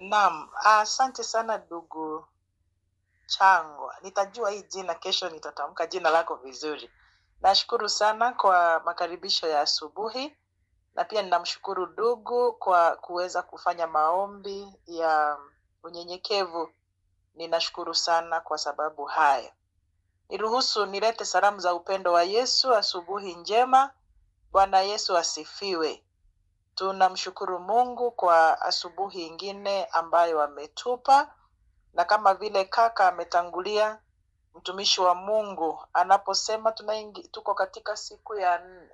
Naam, asante sana ndugu Changwa. Nitajua hii jina kesho, nitatamka jina lako vizuri. Nashukuru sana kwa makaribisho ya asubuhi, na pia ninamshukuru ndugu kwa kuweza kufanya maombi ya unyenyekevu. Ninashukuru sana kwa sababu haya. Niruhusu nilete salamu za upendo wa Yesu. Asubuhi njema, Bwana Yesu asifiwe. Tunamshukuru Mungu kwa asubuhi ingine ambayo ametupa, na kama vile kaka ametangulia, mtumishi wa Mungu anaposema tunaingi, tuko katika siku ya nne,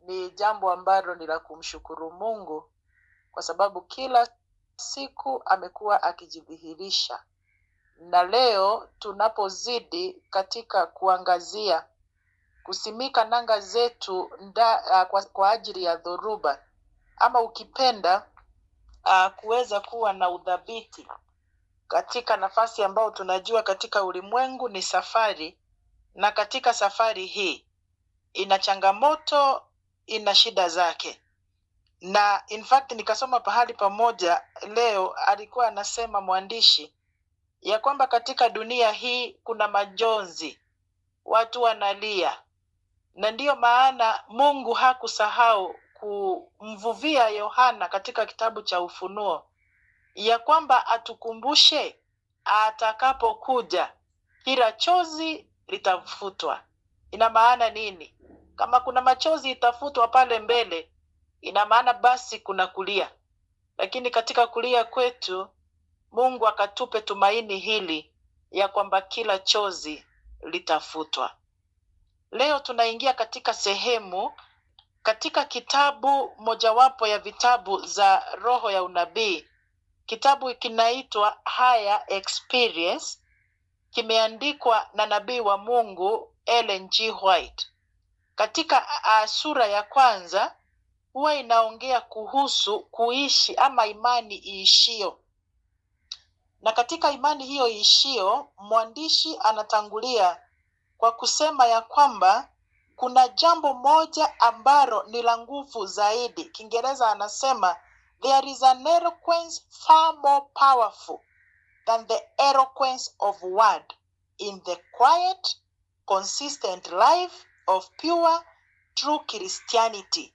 ni jambo ambalo ni la kumshukuru Mungu kwa sababu kila siku amekuwa akijidhihirisha, na leo tunapozidi katika kuangazia kusimika nanga zetu nda, uh, kwa, kwa ajili ya dhoruba ama ukipenda uh, kuweza kuwa na udhabiti katika nafasi ambayo tunajua katika ulimwengu ni safari, na katika safari hii ina changamoto, ina shida zake na in fact nikasoma pahali pamoja leo, alikuwa anasema mwandishi ya kwamba katika dunia hii kuna majonzi, watu wanalia, na ndiyo maana Mungu hakusahau kumvuvia Yohana katika kitabu cha Ufunuo ya kwamba atukumbushe atakapokuja kila chozi litafutwa. Ina maana nini? Kama kuna machozi itafutwa pale mbele, ina maana basi kuna kulia, lakini katika kulia kwetu Mungu akatupe tumaini hili ya kwamba kila chozi litafutwa. Leo tunaingia katika sehemu katika kitabu mojawapo ya vitabu za roho ya unabii kitabu kinaitwa Higher Experience kimeandikwa na nabii wa Mungu Ellen G. White. Katika uh, sura ya kwanza huwa inaongea kuhusu kuishi ama imani iishio, na katika imani hiyo iishio mwandishi anatangulia kwa kusema ya kwamba kuna jambo moja ambalo ni la nguvu zaidi kiingereza anasema there is an eloquence far more powerful than the eloquence of word in the quiet consistent life of pure true christianity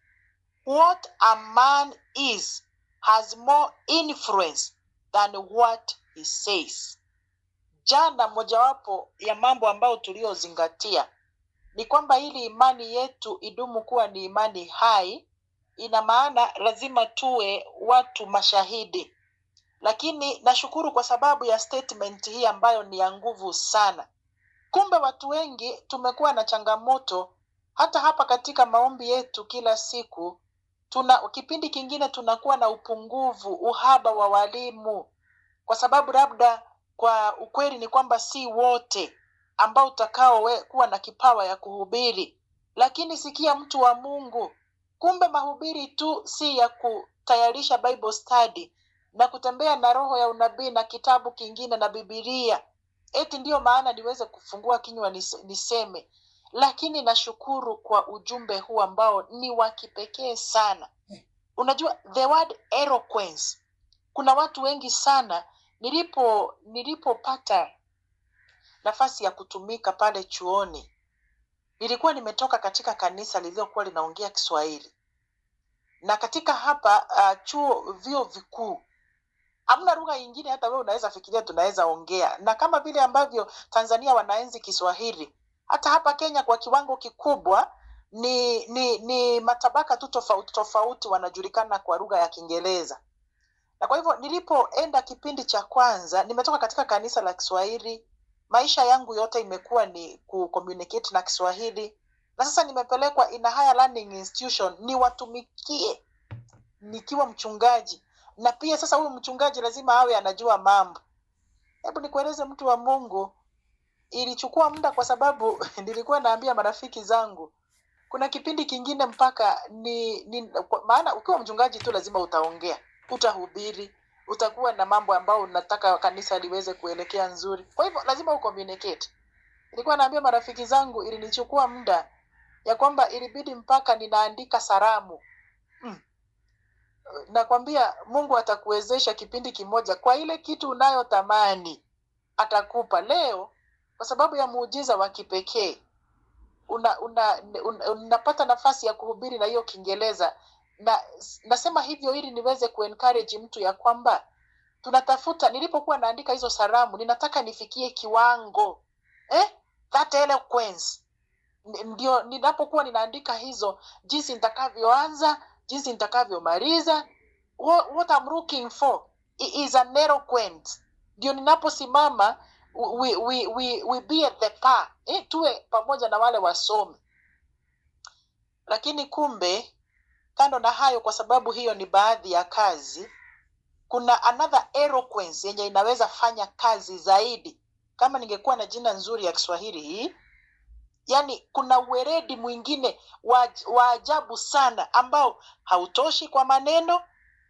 what a man is has more influence than what he says jana mojawapo ya mambo ambayo tuliyozingatia ni kwamba ili imani yetu idumu kuwa ni imani hai, ina maana lazima tuwe watu mashahidi. Lakini nashukuru kwa sababu ya statement hii ambayo ni ya nguvu sana. Kumbe watu wengi tumekuwa na changamoto hata hapa katika maombi yetu kila siku. Tuna kipindi kingine tunakuwa na upungufu, uhaba wa walimu, kwa sababu labda kwa ukweli ni kwamba si wote ambao utakao we, kuwa na kipawa ya kuhubiri. Lakini sikia, mtu wa Mungu, kumbe mahubiri tu si ya kutayarisha Bible study na kutembea na roho ya unabii na kitabu kingine na Bibilia eti ndiyo maana niweze kufungua kinywa niseme. Lakini nashukuru kwa ujumbe huu ambao ni wa kipekee sana. Unajua, the word eloquence, kuna watu wengi sana nilipo nilipopata nafasi ya kutumika pale chuoni. Nilikuwa nimetoka katika kanisa lililokuwa linaongea Kiswahili, na katika hapa uh, chuo vio vikuu hamna lugha nyingine hata wewe unaweza fikiria tunaweza ongea, na kama vile ambavyo Tanzania wanaenzi Kiswahili, hata hapa Kenya kwa kiwango kikubwa ni ni ni matabaka tu tofauti tofauti wanajulikana kwa lugha ya Kiingereza. Na kwa hivyo nilipoenda kipindi cha kwanza, nimetoka katika kanisa la Kiswahili maisha yangu yote imekuwa ni kucommunicate na kiswahili na sasa nimepelekwa ina higher learning institution niwatumikie nikiwa mchungaji na pia sasa huyu mchungaji lazima awe anajua mambo hebu nikueleze mtu wa mungu ilichukua muda kwa sababu nilikuwa naambia marafiki zangu kuna kipindi kingine mpaka ni, ni maana ukiwa mchungaji tu lazima utaongea utahubiri utakuwa na mambo ambayo unataka kanisa liweze kuelekea nzuri. Kwa hivyo lazima ucommunicate. Nilikuwa naambia marafiki zangu, ilinichukua muda ya kwamba ilibidi mpaka ninaandika salamu mm. Nakwambia Mungu atakuwezesha kipindi kimoja kwa ile kitu unayotamani atakupa leo, kwa sababu ya muujiza wa kipekee una, una, una, una nafasi ya kuhubiri na hiyo Kiingereza na nasema hivyo ili niweze kuencourage mtu ya kwamba tunatafuta nilipokuwa naandika hizo salamu ninataka nifikie kiwango eh? that eloquence ndio ninapokuwa ninaandika hizo jinsi nitakavyoanza jinsi nitakavyomaliza what, what I'm looking for is an eloquence ndio ninaposimama we, we, we, we be at the par eh? tuwe pamoja na wale wasomi lakini kumbe Kando na hayo, kwa sababu hiyo ni baadhi ya kazi, kuna another eloquence yenye inaweza fanya kazi zaidi. Kama ningekuwa na jina nzuri ya Kiswahili hii, yani kuna uweredi mwingine wa ajabu sana ambao hautoshi kwa maneno,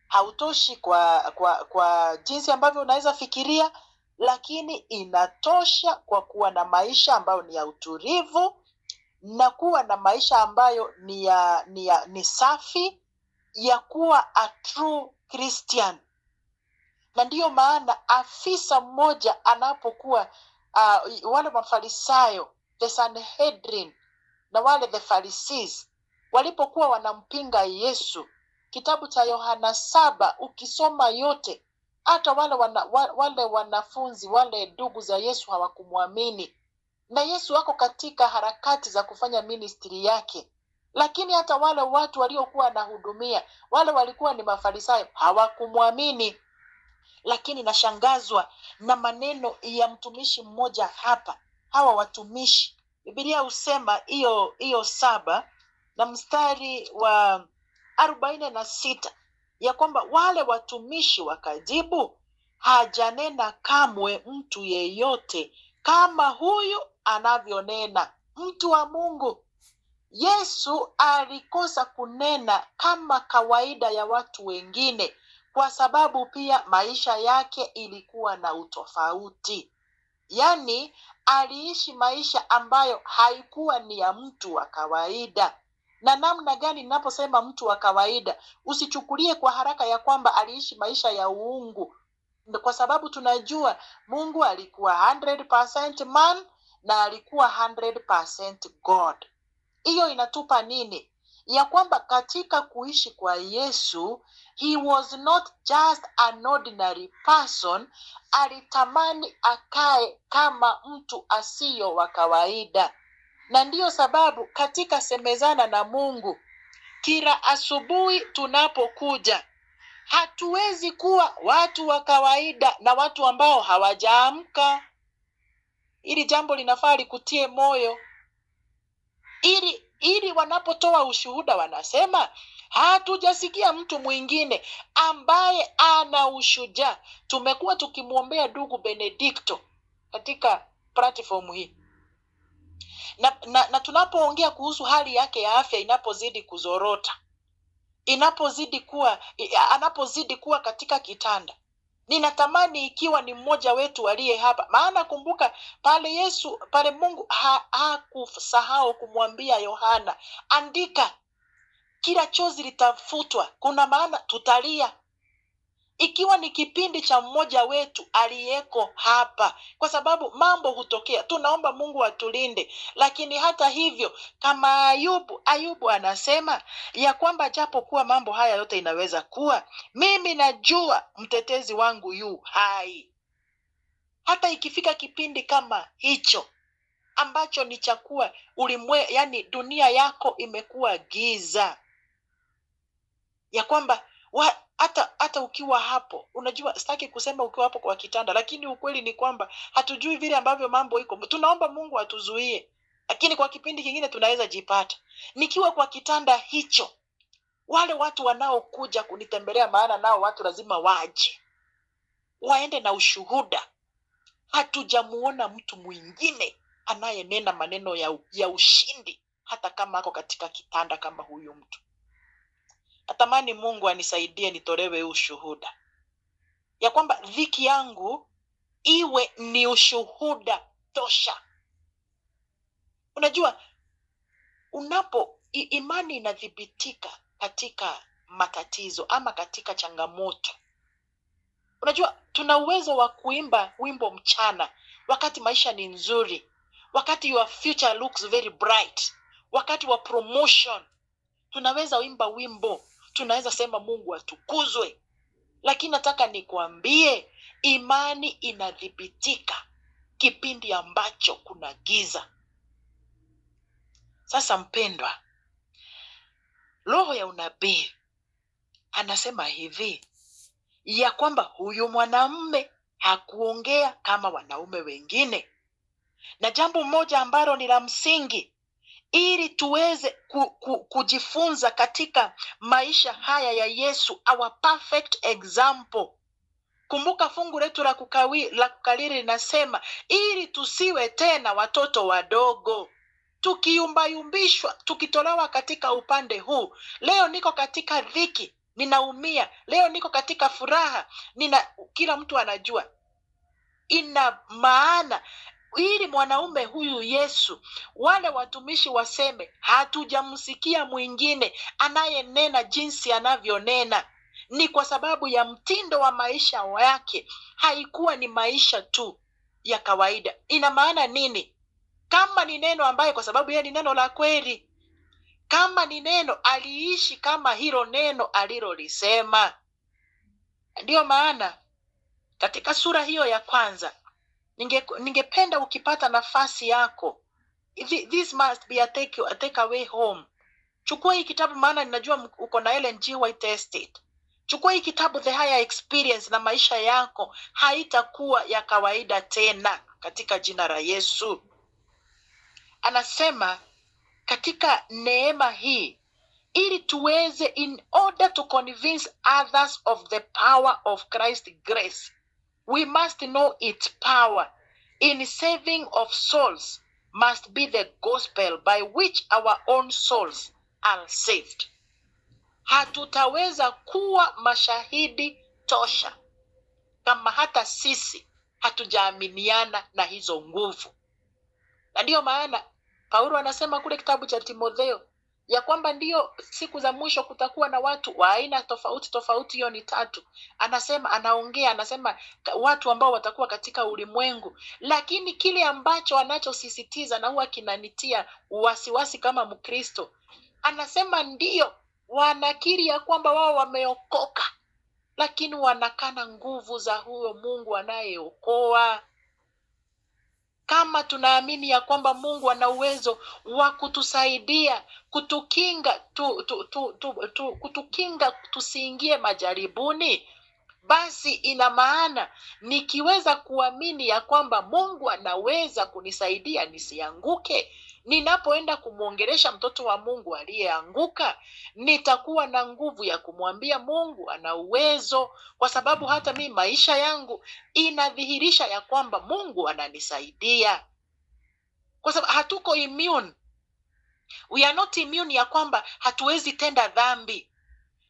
hautoshi kwa kwa kwa jinsi ambavyo unaweza fikiria, lakini inatosha kwa kuwa na maisha ambayo ni ya utulivu na kuwa na maisha ambayo ni ya, ni, ya, ni safi ya kuwa a true Christian. Na ndiyo maana afisa mmoja anapokuwa uh, wale mafarisayo the Sanhedrin na wale the Pharisees walipokuwa wanampinga Yesu, kitabu cha Yohana saba ukisoma yote, hata wale wana, wale wanafunzi wale ndugu za Yesu hawakumwamini na Yesu wako katika harakati za kufanya ministry yake, lakini hata wale watu waliokuwa anahudumia wale walikuwa ni Mafarisayo, hawakumwamini. Lakini nashangazwa na maneno ya mtumishi mmoja hapa. Hawa watumishi, Biblia husema hiyo hiyo saba na mstari wa arobaini na sita ya kwamba wale watumishi wakajibu, hajanena kamwe mtu yeyote kama huyu anavyonena mtu wa Mungu. Yesu alikosa kunena kama kawaida ya watu wengine, kwa sababu pia maisha yake ilikuwa na utofauti. Yaani aliishi maisha ambayo haikuwa ni ya mtu wa kawaida. Na namna gani? Ninaposema mtu wa kawaida, usichukulie kwa haraka ya kwamba aliishi maisha ya uungu, kwa sababu tunajua Mungu alikuwa 100% man na alikuwa 100% God. Hiyo inatupa nini? Ya kwamba katika kuishi kwa Yesu, he was not just an ordinary person, alitamani akae kama mtu asiyo wa kawaida. Na ndiyo sababu katika semezana na Mungu kila asubuhi tunapokuja hatuwezi kuwa watu wa kawaida na watu ambao hawajaamka ili jambo linafaa likutie moyo, ili ili wanapotoa ushuhuda wanasema hatujasikia mtu mwingine ambaye ana ushujaa. Tumekuwa tukimwombea ndugu Benedikto katika platform hii na, na, na tunapoongea kuhusu hali yake ya afya inapozidi kuzorota, inapozidi kuwa, anapozidi kuwa katika kitanda Ninatamani ikiwa ni mmoja wetu aliye hapa, maana kumbuka pale Yesu pale Mungu hakusahau ha, kumwambia Yohana, andika, kila chozi litafutwa. Kuna maana tutalia, ikiwa ni kipindi cha mmoja wetu aliyeko hapa, kwa sababu mambo hutokea. Tunaomba Mungu atulinde, lakini hata hivyo, kama Ayubu, Ayubu anasema ya kwamba japo kuwa mambo haya yote inaweza kuwa, mimi najua mtetezi wangu yu hai. Hata ikifika kipindi kama hicho ambacho ni cha kuwa ulimwe, yani dunia yako imekuwa giza, ya kwamba wa, hata hata ukiwa hapo, unajua sitaki kusema ukiwa hapo kwa kitanda, lakini ukweli ni kwamba hatujui vile ambavyo mambo iko. Tunaomba Mungu atuzuie, lakini kwa kipindi kingine tunaweza jipata nikiwa kwa kitanda hicho. Wale watu wanaokuja kunitembelea, maana nao watu lazima waje, waende na ushuhuda. Hatujamuona mtu mwingine anayenena maneno ya, ya ushindi hata kama ako katika kitanda kama huyu mtu natamani Mungu anisaidie nitolewe ushuhuda ya kwamba dhiki yangu iwe ni ushuhuda tosha. Unajua, unapo imani inathibitika katika matatizo ama katika changamoto. Unajua, tuna uwezo wa kuimba wimbo mchana wakati maisha ni nzuri, wakati your future looks very bright, wakati wa promotion tunaweza wimba wimbo tunaweza sema mungu atukuzwe lakini nataka nikuambie imani inadhibitika kipindi ambacho kuna giza sasa mpendwa roho ya unabii anasema hivi ya kwamba huyu mwanamme hakuongea kama wanaume wengine na jambo moja ambalo ni la msingi ili tuweze ku, ku, kujifunza katika maisha haya ya Yesu, our perfect example. Kumbuka fungu letu la, kukawi, la kukaliri linasema ili tusiwe tena watoto wadogo tukiyumbayumbishwa, tukitolewa katika upande huu. Leo niko katika dhiki, ninaumia. Leo niko katika furaha, nina kila mtu anajua ina maana ili mwanaume huyu Yesu, wale watumishi waseme hatujamsikia mwingine anayenena jinsi anavyonena ni kwa sababu ya mtindo wa maisha yake. Haikuwa ni maisha tu ya kawaida. Ina maana nini? Kama ni neno ambaye, kwa sababu yeye ni neno la kweli, kama ni neno aliishi kama hilo neno alilolisema. Ndiyo maana katika sura hiyo ya kwanza ninge, ningependa ukipata nafasi yako this must be a take, a take away home chukua hii kitabu maana ninajua uko na Ellen White Estate chukua hii kitabu the higher experience na maisha yako haitakuwa ya kawaida tena katika jina la yesu anasema katika neema hii ili tuweze in order to convince others of the power of christ grace we must know its power in saving of souls must be the gospel by which our own souls are saved hatutaweza kuwa mashahidi tosha kama hata sisi hatujaaminiana na hizo nguvu na ndiyo maana paulo anasema kule kitabu cha timotheo ya kwamba ndiyo siku za mwisho kutakuwa na watu wa aina tofauti tofauti. Hiyo ni tatu, anasema anaongea, anasema watu ambao watakuwa katika ulimwengu, lakini kile ambacho anachosisitiza na huwa kinanitia wasiwasi kama Mkristo, anasema ndiyo wanakiri ya kwamba wao wameokoka, lakini wanakana nguvu za huyo Mungu anayeokoa kama tunaamini ya kwamba Mungu ana uwezo wa kutusaidia kutukinga tu, tu, tu, tu, tu, kutukinga tusiingie majaribuni, basi ina maana nikiweza kuamini ya kwamba Mungu anaweza kunisaidia nisianguke, ninapoenda kumwongeresha mtoto wa Mungu aliyeanguka, nitakuwa na nguvu ya kumwambia Mungu ana uwezo, kwa sababu hata mi maisha yangu inadhihirisha ya kwamba Mungu ananisaidia, kwa sababu hatuko immune. We are not immune ya kwamba hatuwezi tenda dhambi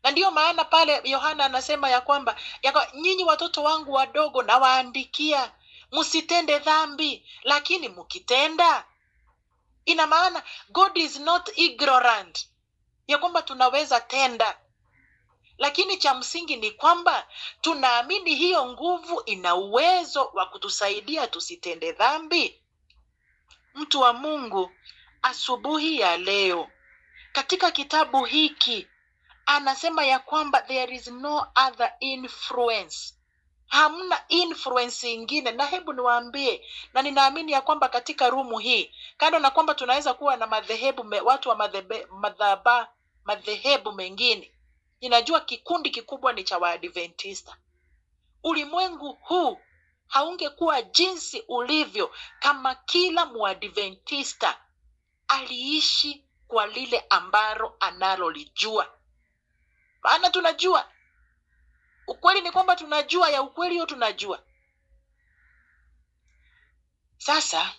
na ndiyo maana pale Yohana anasema ya kwamba ya nyinyi watoto wangu wadogo nawaandikia, msitende dhambi, lakini mkitenda. Ina maana God is not ignorant ya kwamba tunaweza tenda, lakini cha msingi ni kwamba tunaamini hiyo nguvu ina uwezo wa kutusaidia tusitende dhambi. Mtu wa Mungu, asubuhi ya leo katika kitabu hiki anasema ya kwamba there is no other influence hamna influence ingine na hebu niwaambie na ninaamini ya kwamba katika rumu hii kando na kwamba tunaweza kuwa na madhehebu me, watu wa madhebe, madhaba, madhehebu mengine ninajua kikundi kikubwa ni cha waadventista ulimwengu huu haungekuwa jinsi ulivyo kama kila mwadventista aliishi kwa lile ambalo analolijua maana tunajua ukweli ni kwamba tunajua ya ukweli huo tunajua sasa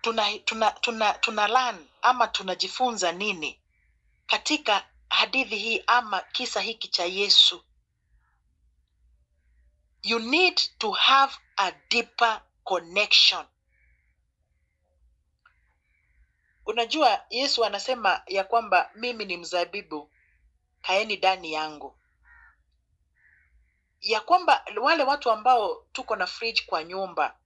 tuna tuna tuna, tuna learn ama tunajifunza nini katika hadithi hii ama kisa hiki cha yesu you need to have a deeper connection unajua yesu anasema ya kwamba mimi ni mzabibu kaeni ndani yangu, ya kwamba wale watu ambao tuko na fridge kwa nyumba,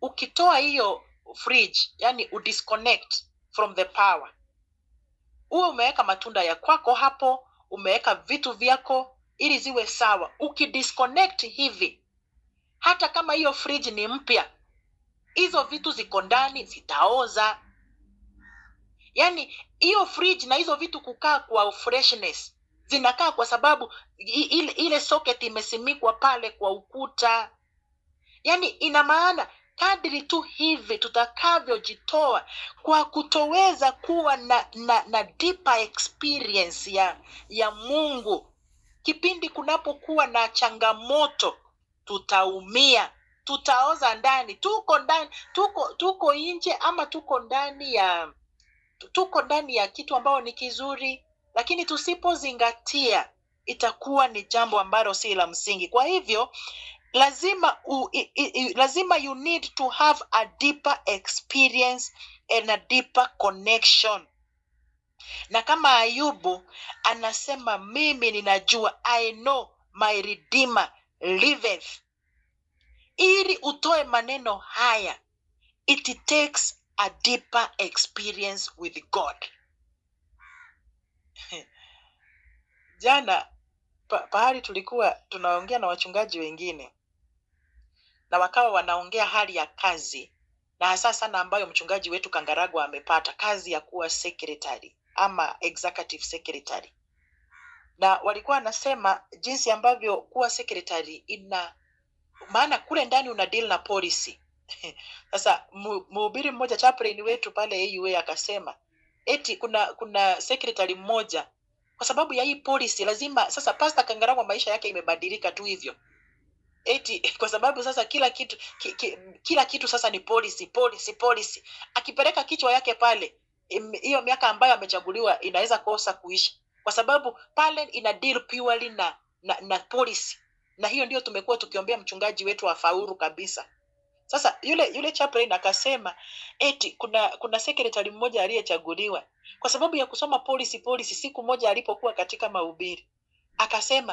ukitoa hiyo fridge, yani udisconnect from the power, uwe umeweka matunda ya kwako hapo, umeweka vitu vyako ili ziwe sawa. Ukidisconnect hivi, hata kama hiyo fridge ni mpya, hizo vitu ziko ndani zitaoza yaani hiyo fridge na hizo vitu kukaa kwa freshness zinakaa kwa sababu ile, ile socket imesimikwa pale kwa ukuta yaani ina maana kadri tu hivi tutakavyojitoa kwa kutoweza kuwa na, na, na deeper experience ya, ya mungu kipindi kunapokuwa na changamoto tutaumia tutaoza ndani tuko ndani tuko tuko nje ama tuko ndani ya tuko ndani ya kitu ambayo ni kizuri, lakini tusipozingatia itakuwa ni jambo ambalo si la msingi. Kwa hivyo lazima u, i, i, lazima you need to have a deeper experience and a deeper connection na kama Ayubu anasema mimi ninajua, I know my redeemer liveth. Ili utoe maneno haya, it takes a deeper experience with god jana pa, pahali tulikuwa tunaongea na wachungaji wengine na wakawa wanaongea hali ya kazi na hasa sana ambayo mchungaji wetu kangaragwa amepata kazi ya kuwa secretary ama executive secretary na walikuwa wanasema jinsi ambavyo kuwa secretary ina maana kule ndani una deal na policy Sasa mhubiri mmoja chaplain wetu pale AUA akasema eti kuna kuna secretary mmoja kwa sababu ya hii policy lazima sasa. Pastor Kangarangwa maisha yake imebadilika tu hivyo eti kwa sababu sasa kila kitu ki, ki, kila kitu sasa ni policy policy policy. Akipeleka kichwa yake pale, hiyo miaka ambayo amechaguliwa inaweza kosa kuisha, kwa sababu pale ina deal purely na, na na policy, na hiyo ndio tumekuwa tukiombea mchungaji wetu afaulu kabisa. Sasa yule yule chaplain akasema eti kuna kuna sekretari mmoja aliyechaguliwa kwa sababu ya kusoma polisi polisi. Siku moja alipokuwa katika mahubiri akasema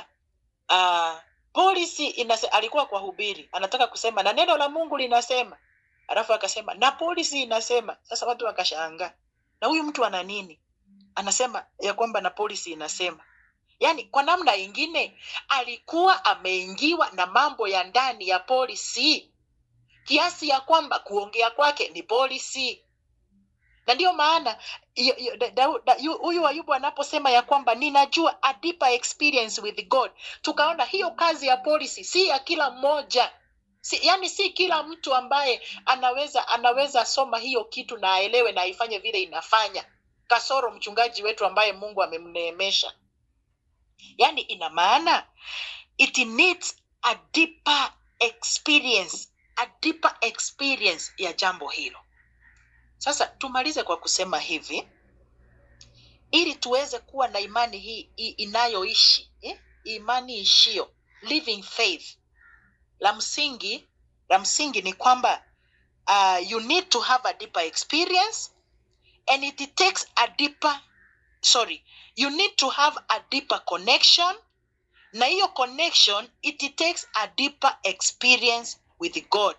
uh, ah, polisi inase, alikuwa kwa hubiri anataka kusema na neno la Mungu linasema, alafu akasema na polisi inasema. Sasa watu wakashanga na huyu mtu ana nini? Anasema ya kwamba na polisi inasema. Yaani, kwa namna ingine alikuwa ameingiwa na mambo ya ndani ya polisi kiasi ya kwamba kuongea kwake ni polisi. Na ndiyo maana huyu Ayubu anaposema ya kwamba ninajua a deeper experience with God, tukaona hiyo kazi ya polisi si ya kila mmoja. Si, yani si kila mtu ambaye anaweza anaweza soma hiyo kitu na aelewe na aifanye vile inafanya, kasoro mchungaji wetu ambaye Mungu amemneemesha. Yani ina maana it needs a deeper experience a deeper experience ya jambo hilo. Sasa tumalize kwa kusema hivi, ili tuweze kuwa na imani hii, hii inayoishi eh? imani ishio living faith. La msingi la msingi ni kwamba uh, you need to have a deeper experience and it takes a deeper sorry, you need to have a deeper connection na hiyo connection it takes a deeper experience with God.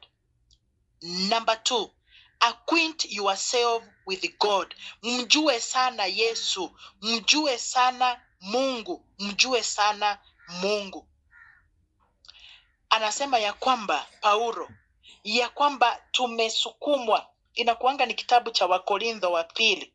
Number two, acquaint yourself with God. Mjue sana Yesu, mjue sana Mungu, mjue sana Mungu. Anasema ya kwamba Paulo, ya kwamba tumesukumwa, inakuanga ni kitabu cha wakorindho wa pili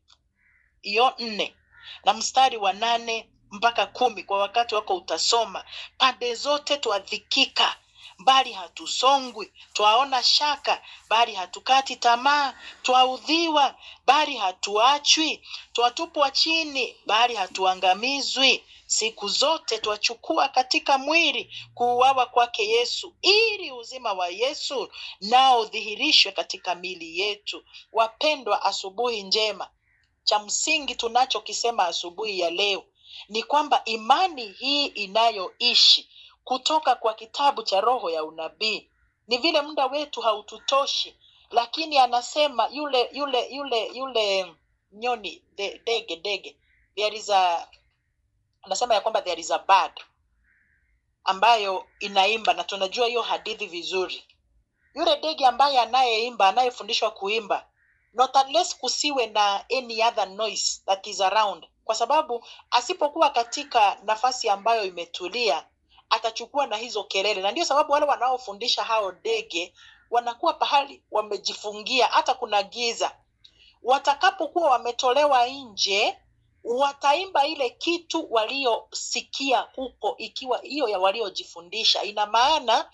iyo nne na mstari wa nane mpaka kumi. Kwa wakati wako utasoma, pande zote twadhikika bali hatusongwi, twaona shaka, bali hatukati tamaa, twaudhiwa, bali hatuachwi, twatupwa chini, bali hatuangamizwi. Siku zote twachukua katika mwili kuuawa kwake Yesu, ili uzima wa Yesu nao udhihirishwe katika mili yetu. Wapendwa, asubuhi njema. Cha msingi tunachokisema asubuhi ya leo ni kwamba imani hii inayoishi kutoka kwa kitabu cha roho ya unabii ni vile muda wetu haututoshi lakini anasema yule yule yule yule nyoni de, dege dege there is a anasema ya kwamba there is a bird ambayo inaimba na tunajua hiyo hadithi vizuri yule dege ambaye anayeimba anayefundishwa kuimba not unless kusiwe na any other noise that is around kwa sababu asipokuwa katika nafasi ambayo imetulia atachukua na hizo kelele, na ndio sababu wale wanaofundisha hao ndege wanakuwa pahali wamejifungia, hata kuna giza. Watakapokuwa wametolewa nje, wataimba ile kitu waliosikia huko, ikiwa hiyo ya waliojifundisha. Ina maana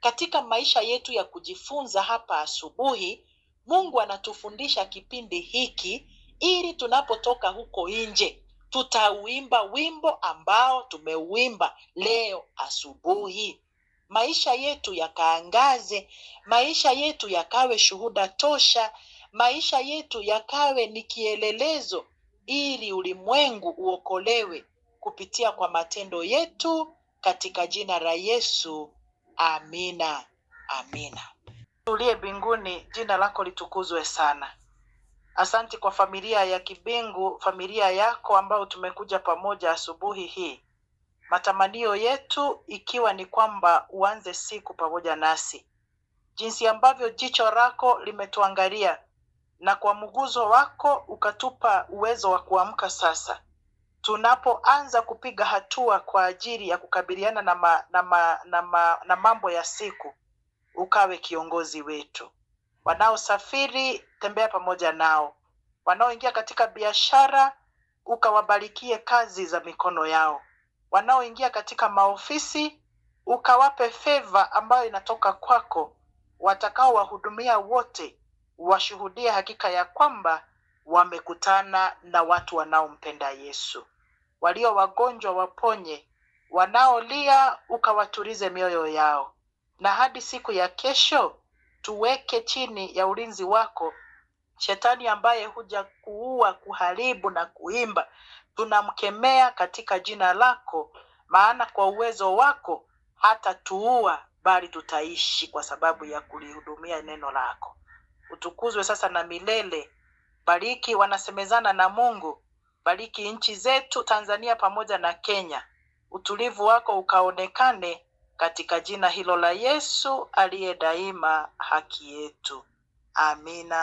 katika maisha yetu ya kujifunza hapa asubuhi, Mungu anatufundisha kipindi hiki ili tunapotoka huko nje tutauimba wimbo ambao tumeuimba leo asubuhi. Maisha yetu yakaangaze, maisha yetu yakawe shuhuda tosha, maisha yetu yakawe ni kielelezo, ili ulimwengu uokolewe kupitia kwa matendo yetu, katika jina la Yesu. Amina, amina. tulie binguni jina lako litukuzwe sana. Asante kwa familia ya kibingu, familia yako ambayo tumekuja pamoja asubuhi hii. Matamanio yetu ikiwa ni kwamba uanze siku pamoja nasi, jinsi ambavyo jicho lako limetuangalia na kwa mguzo wako ukatupa uwezo wa kuamka sasa tunapoanza kupiga hatua kwa ajili ya kukabiliana na, ma, na, ma, na, ma, na mambo ya siku, ukawe kiongozi wetu. Wanaosafiri tembea pamoja nao, wanaoingia katika biashara ukawabarikie kazi za mikono yao, wanaoingia katika maofisi ukawape feva ambayo inatoka kwako, watakaowahudumia wote washuhudie hakika ya kwamba wamekutana na watu wanaompenda Yesu. Walio wagonjwa waponye, wanaolia ukawatulize mioyo yao, na hadi siku ya kesho tuweke chini ya ulinzi wako shetani ambaye huja kuua, kuharibu na kuimba. Tunamkemea katika jina lako, maana kwa uwezo wako hata tuua, bali tutaishi kwa sababu ya kulihudumia neno lako. Utukuzwe sasa na milele. Bariki wanasemezana na Mungu, bariki nchi zetu Tanzania pamoja na Kenya. Utulivu wako ukaonekane katika jina hilo la Yesu aliye daima haki yetu. Amina.